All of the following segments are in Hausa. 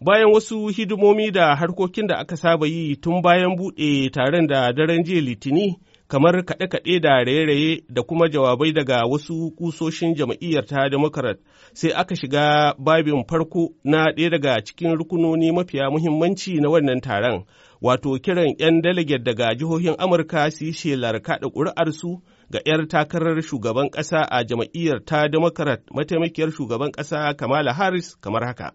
bayan wasu hidimomi da harkokin da aka saba yi tun bayan buɗe taron da daren jiya litini kamar kaɗe-kaɗe da raye-raye da kuma jawabai daga wasu kusoshin jam'iyyar ta democrat sai aka shiga babin farko na ɗaya daga cikin rukunoni mafiya muhimmanci na wannan taron wato kiran 'yan delegate daga jihohin amurka su yi shelar kaɗa ƙuri'arsu ga 'yar takarar shugaban ƙasa a jam'iyyar ta democrat mataimakiyar shugaban ƙasa kamala harris kamar haka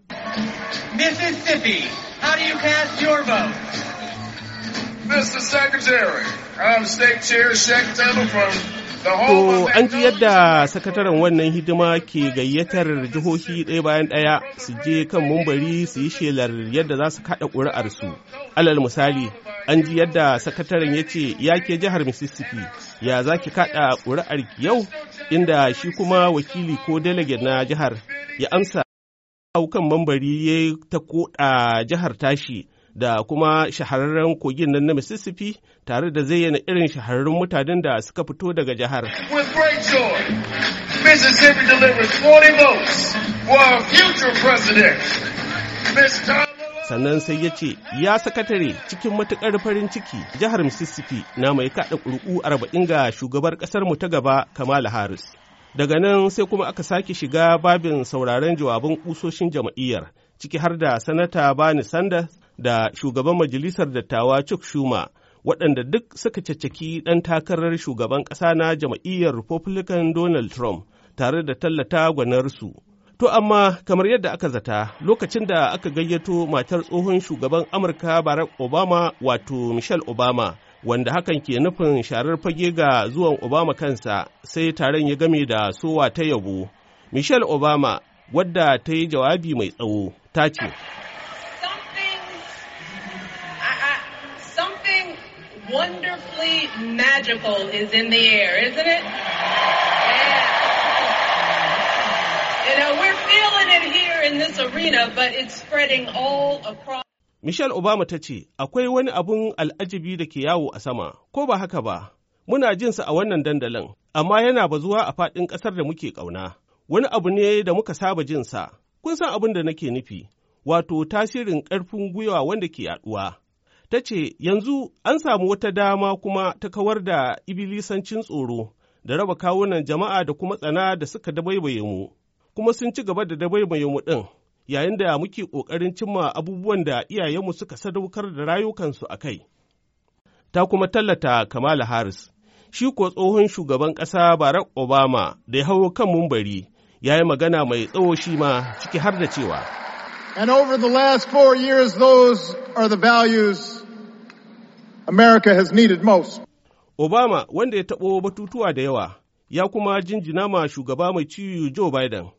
mississippi how do you To an ji yadda sakataren wannan hidima ke gayyatar jihohi ɗaya bayan ɗaya su je kan mumbari su yi shelar yadda za su kaɗa ƙuri'arsu. Alal misali, an ji yadda sakataren ya ce ya ke jihar Mississippi ya za ki kaɗa ƙuri'ar yau inda shi kuma wakili ko delegate na jihar ya amsa haukan mambari ya ta koɗa jihar tashi da kuma shahararren kogin nan na Mississippi tare da zayyana irin shahararrun mutanen da suka fito daga jihar. Sannan sai ya ce, Ya sakatare cikin matuƙar farin ciki jihar Mississippi na mai kaɗa ƙuri'u arba'in ga shugabar ƙasarmu ta gaba Kamala Harris. Daga nan sai kuma aka sake shiga babin sauraron jawabin ƙusoshin jam'iyyar. ciki har da Sanata Bani Sanders da shugaban majalisar dattawa Chuck Schumer waɗanda duk suka caccaki ɗan takarar shugaban ƙasa na jam'iyyar Republican Donald Trump tare da tallata gwanarsu. To amma kamar yadda aka zata lokacin da aka gayyato matar tsohon shugaban Amurka Barack Obama wato Michelle Obama wanda hakan ke nufin sharar fage ga zuwan Obama kansa sai taron ya game da sowa ta yabo. Michelle Obama wadda ta yi jawabi mai tsawo ta ce. wonderfully magical is in the air, isn't it? Yeah. You know, we're feeling it here in this arena, but it's spreading all across. Michelle Obama ta ce, Akwai wani abun al'ajibi da ke yawo a sama, ko ba haka ba, muna jinsa a wannan dandalin, amma yana ba zuwa a faɗin ƙasar da muke ƙauna. Wani abu ne da muka saba jinsa, kun san abin da nake nufi, wato tasirin ƙarfin gwiwa wanda ke yaɗuwa. ta ce, Yanzu an samu wata dama kuma ta kawar da ibilisancin tsoro da raba kawunan jama'a da kuma tsana da suka dabaibaye mu, kuma sun ci gaba da dabaibaye mu ɗin yayin da muke ƙoƙarin cimma abubuwan da iyayenmu suka sadaukar da rayukansu a kai. Ta kuma tallata Kamala Harris, shi ko tsohon shugaban ƙasa Barack Obama da ya hau kan mumbari ya yi magana mai tsawo shi ma ciki har da cewa. And over the last four years, those are the values America has needed most. Obama, wanda ya taɓo batutuwa da yawa, ya kuma jinjina ma shugaba mai ciwo Joe Biden.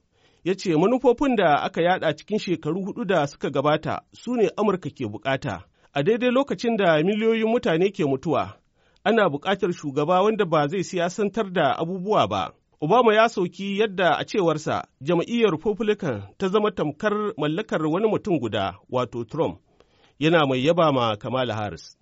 Ya ce manufofin da aka yada cikin shekaru hudu da suka gabata su ne Amurka ke bukata. A daidai lokacin da miliyoyin mutane ke mutuwa, ana bukatar shugaba wanda ba zai siyasantar da abubuwa ba. Obama ya sauki yadda a cewarsa jam'iyyar Republican ta zama tamkar mallakar wani mutum guda, wato Trump, yana mai yaba ma Kamala Harris.